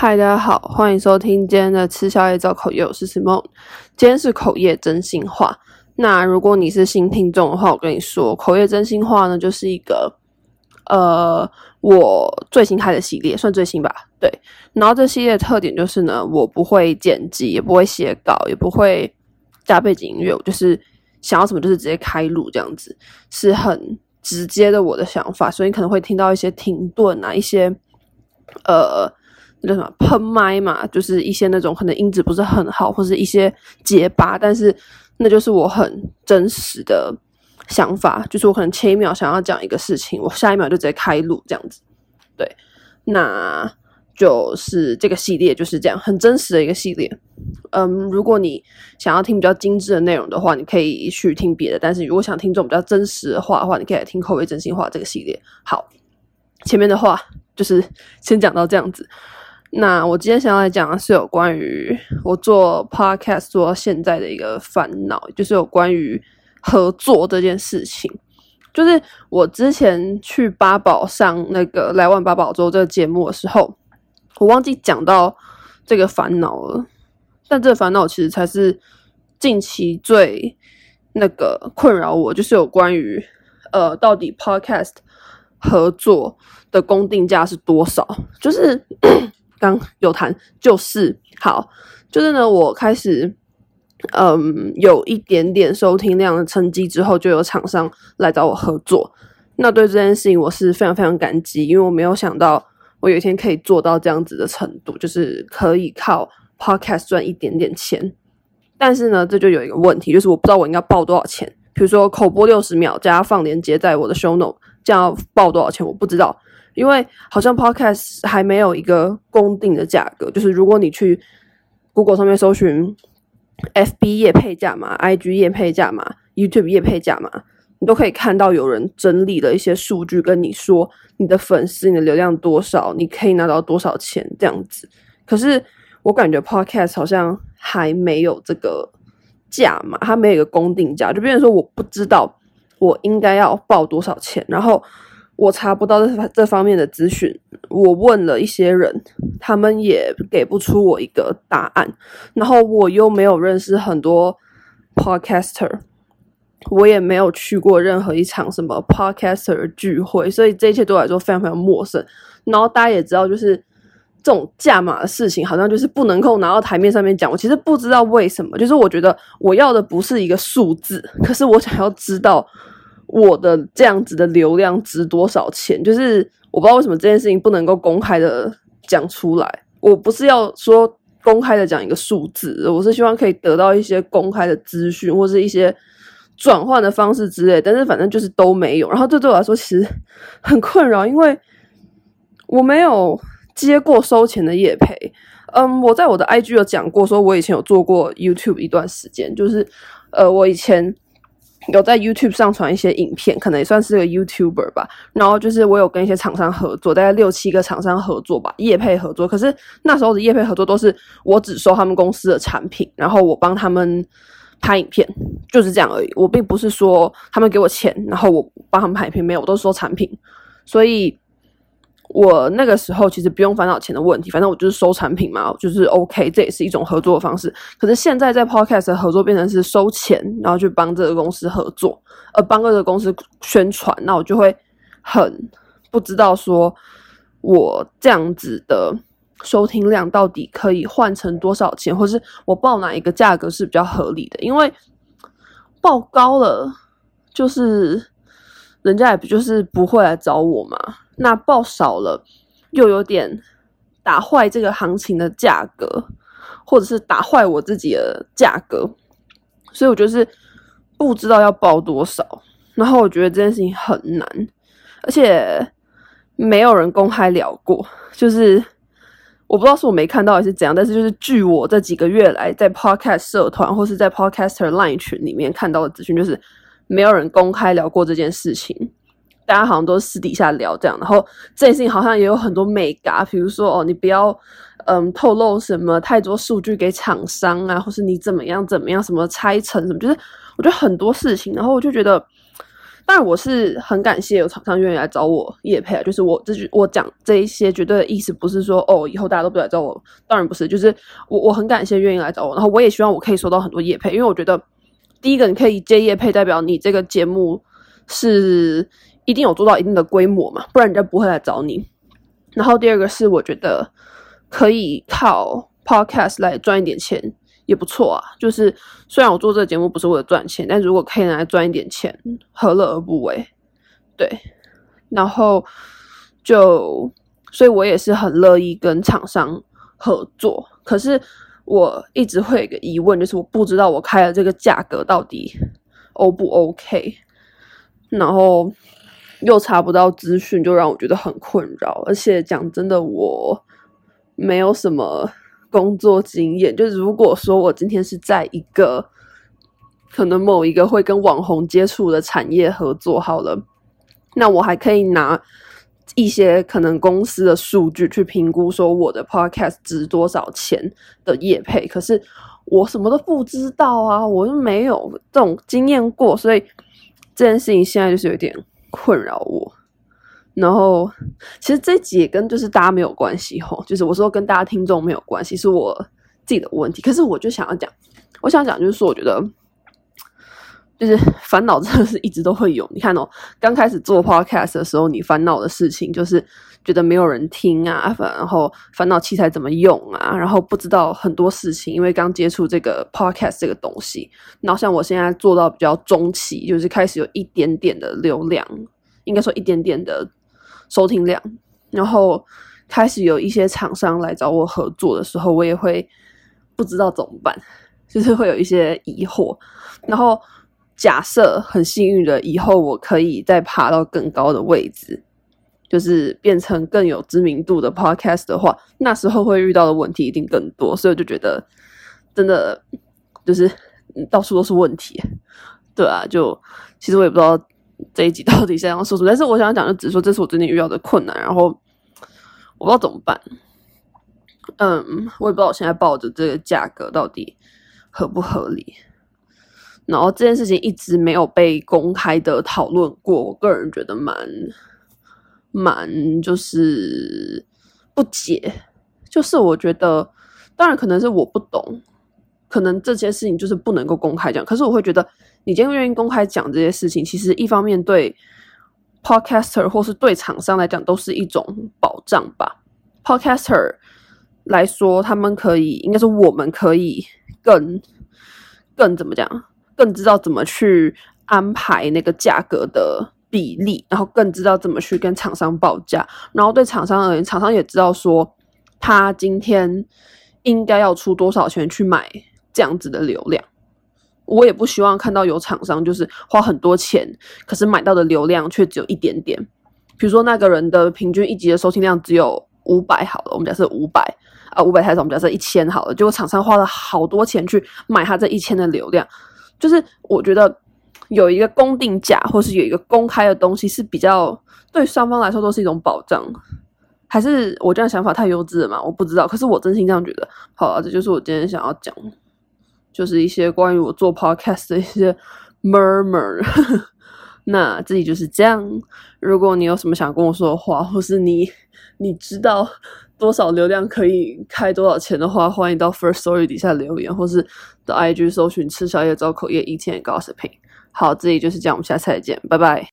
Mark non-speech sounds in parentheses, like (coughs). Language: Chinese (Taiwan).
嗨，Hi, 大家好，歡迎收聽今天的吃宵夜找口業，我是 Simone。今天是口業真心話。那如果你是新聽眾的話，我跟你說，口業真心話呢，就是一個呃，我最新開的系列，算最新吧。對，然後這系列的特點就是呢，我不會剪輯，也不會寫稿，也不會加背景音樂，我就是想要什麼就是直接開錄這樣子，是很直接的我的想法。所以你可能會聽到一些停頓啊，一些呃。那什麼噴麥嘛，就是一些那種可能音質不是很好，或是一些結巴，但是那就是我很真實的想法，就是我可能前一秒想要講一個事情，我下一秒就直接開錄這樣子，對，那就是這個系列就是這樣很真實的一個系列。嗯，如果你想要聽比較精緻的內容的話，你可以去聽別的；但是如果想聽這種比較真實的話的話，你可以聽《口業真心話》這個系列。好，前面的話就是先講到這樣子。那我今天想要來講的是有關於我做 podcast 做到現在的一個煩惱，就是有關於合作這件事情。就是我之前去八寶上那個來萬八寶粥這個節目的時候，我忘記講到這個煩惱了。但這個煩惱其實才是近期最那個困擾我，就是有關於呃，到底 podcast 合作的公定價是多少？就是。 (coughs) 剛有談就是好，就是呢，我開始嗯有一點點收聽量的成績之後，就有廠商來找我合作。那對這件事情我是非常非常感激，因為我沒有想到我有一天可以做到這樣子的程度，就是可以靠 podcast 賺一點點錢。但是呢，這就有一個問題，就是我不知道我應該報多少錢。比如說口播六十秒，加放連接在我的 show note，這樣要報多少錢？我不知道。因為好像 Podcast 還沒有一個公定的價格，就是如果你去 Google 上面搜尋 FB 業配價嘛、IG 業配價嘛、YouTube 業配價嘛，你都可以看到有人整理了一些數據跟你說，你的粉絲、你的流量多少，你可以拿到多少錢這樣子。可是我感覺 Podcast 好像還沒有這個價嘛，它沒有一個公定價，就變成說我不知道我應該要報多少錢，然後。我查不到這這方面的資訊，我問了一些人，他們也給不出我一個答案。然後我又沒有認識很多 podcaster，我也沒有去過任何一場什麼 podcaster 的聚會，所以這一切對我來說非常非常陌生。然後大家也知道，就是這種價碼的事情，好像就是不能夠拿到檯面上面講。我其實不知道為什麼，就是我覺得我要的不是一個數字，可是我想要知道。我的這樣子的流量值多少錢？就是我不知道為什麼這件事情不能夠公開的講出來。我不是要說公開的講一個數字，我是希望可以得到一些公開的資訊，或是一些轉換的方式之類。但是反正就是都沒有。然後這對，對我來說其實很困擾，因為我沒有接過收錢的業配。嗯，我在我的 IG 有講過，說我以前有做過 YouTube 一段時間，就是呃，我以前。有在 YouTube 上傳一些影片，可能也算是個 YouTuber 吧。然後就是我有跟一些廠商合作，大概六七個廠商合作吧，業配合作。可是那時候的業配合作都是我只收他們公司的產品，然後我幫他們拍影片，就是這樣而已。我並不是說他們給我錢，然後我幫他們拍影片，沒有，我都是收產品，所以。我那個時候其實不用煩惱錢的問題，反正我就是收產品嘛，就是 OK，這也是一種合作的方式。可是現在在 Podcast 合作變成是收錢，然後去幫這個公司合作，呃，幫這個公司宣傳，那我就會很不知道說我這樣子的收聽量到底可以換成多少錢，或是我報哪一個價格是比較合理的。因為報高了，就是人家也不就是不會來找我嘛。那報少了，又有點打壞這個行情的價格，或者是打壞我自己的價格，所以我就是不知道要報多少。然後我覺得這件事情很難，而且沒有人公開聊過。就是我不知道是我沒看到還是怎樣，但是就是據我這幾個月來在 Podcast 社團或是在 Podcaster Line 群裡面看到的資訊，就是沒有人公開聊過這件事情。大家好像都是私底下聊這樣，然後最近好像也有很多美噶，比如說哦，你不要嗯透露什麼太多數據給廠商啊，或是你怎麼樣怎麼樣，什麼拆成什麼，就是我覺得很多事情，然後我就覺得，當然我是很感謝有廠商願意來找我業配啊，就是我這句我講這一些絕對的意思不是說哦以後大家都不來找我，當然不是，就是我我很感謝願意來找我，然後我也希望我可以收到很多業配，因為我覺得第一個你可以接業配代表你這個節目是。一定有做到一定的規模嘛，不然人家不會來找你。然後第二個是，我覺得可以靠 podcast 來賺一點錢也不錯啊。就是雖然我做這個節目不是為了賺錢，但如果可以拿來賺一點錢，何樂而不為？對。然後就，所以我也是很樂意跟廠商合作。可是我一直會有個疑問，就是我不知道我開的這個價格到底 O 不 OK。然後。又查不到資訊，就讓我覺得很困擾。而且講真的，我沒有什麼工作經驗。就如果說我今天是在一個可能某一個會跟網紅接觸的產業合作好了，那我還可以拿一些可能公司的數據去評估說我的 podcast 值多少錢的業配。可是我什麼都不知道啊，我又沒有這種經驗過，所以這件事情現在就是有點。困擾我，然後其實這集也跟就是大家沒有關係吼，就是我說跟大家聽眾沒有關係，是我自己的問題。可是我就想要講，我想講就是說，我覺得。就是煩惱真的是一直都會有。你看哦，剛開始做 podcast 的時候，你煩惱的事情就是覺得沒有人聽啊，然後煩惱器材怎麼用啊，然後不知道很多事情，因為剛接觸這個 podcast 這個東西。然後像我現在做到比較中期，就是開始有一點點的流量，應該說一點點的收聽量，然後開始有一些廠商來找我合作的時候，我也會不知道怎麼辦，就是會有一些疑惑，然後。假設很幸運的，以後我可以再爬到更高的位置，就是變成更有知名度的 podcast 的話，那時候會遇到的問題一定更多，所以我就覺得真的就是到處都是問題。對啊，就其實我也不知道這一集到底想要說什麼，但是我想要講就只是說，這是我最近遇到的困難，然後我不知道怎麼辦。嗯，我也不知道我現在報的這個價格到底合不合理。然後這件事情一直沒有被公開的討論過，我個人覺得蠻，蠻就是不解，就是我覺得，當然可能是我不懂，可能這些事情就是不能夠公開講。可是我會覺得，你今天願意公開講這些事情，其實一方面對 podcaster 或是對廠商來講都是一種保障吧。podcaster 來說，他們可以，應該是我們可以更，更怎麼講？更知道怎麼去安排那個價格的比例，然後更知道怎麼去跟廠商報價。然後對廠商而言，廠商也知道說他今天應該要出多少錢去買這樣子的流量。我也不希望看到有廠商就是花很多錢，可是買到的流量卻只有一點點。比如說那個人的平均一集的收聽量只有五百，好了，我們假設五百啊，五百太少，我們假設一千好了。結果廠商花了好多錢去買他這一千的流量。就是我覺得有一個公定價，或是有一個公開的東西是比較對雙方來說都是一種保障，還是我這樣想法太幼稚了嘛？我不知道，可是我真心這樣覺得。好了，啊，這就是我今天想要講，就是一些關於我做 podcast 的一些 murmur。 (laughs) 那這裡就是這樣。如果你有什麼想跟我說的話，或是你你知道多少流量可以開多少錢的話，歡迎到 Firstory 底下留言，或是到 IG 搜尋“吃宵夜找口業，eating and gossiping”。好，這裡就是這樣，我們下次再見，拜拜。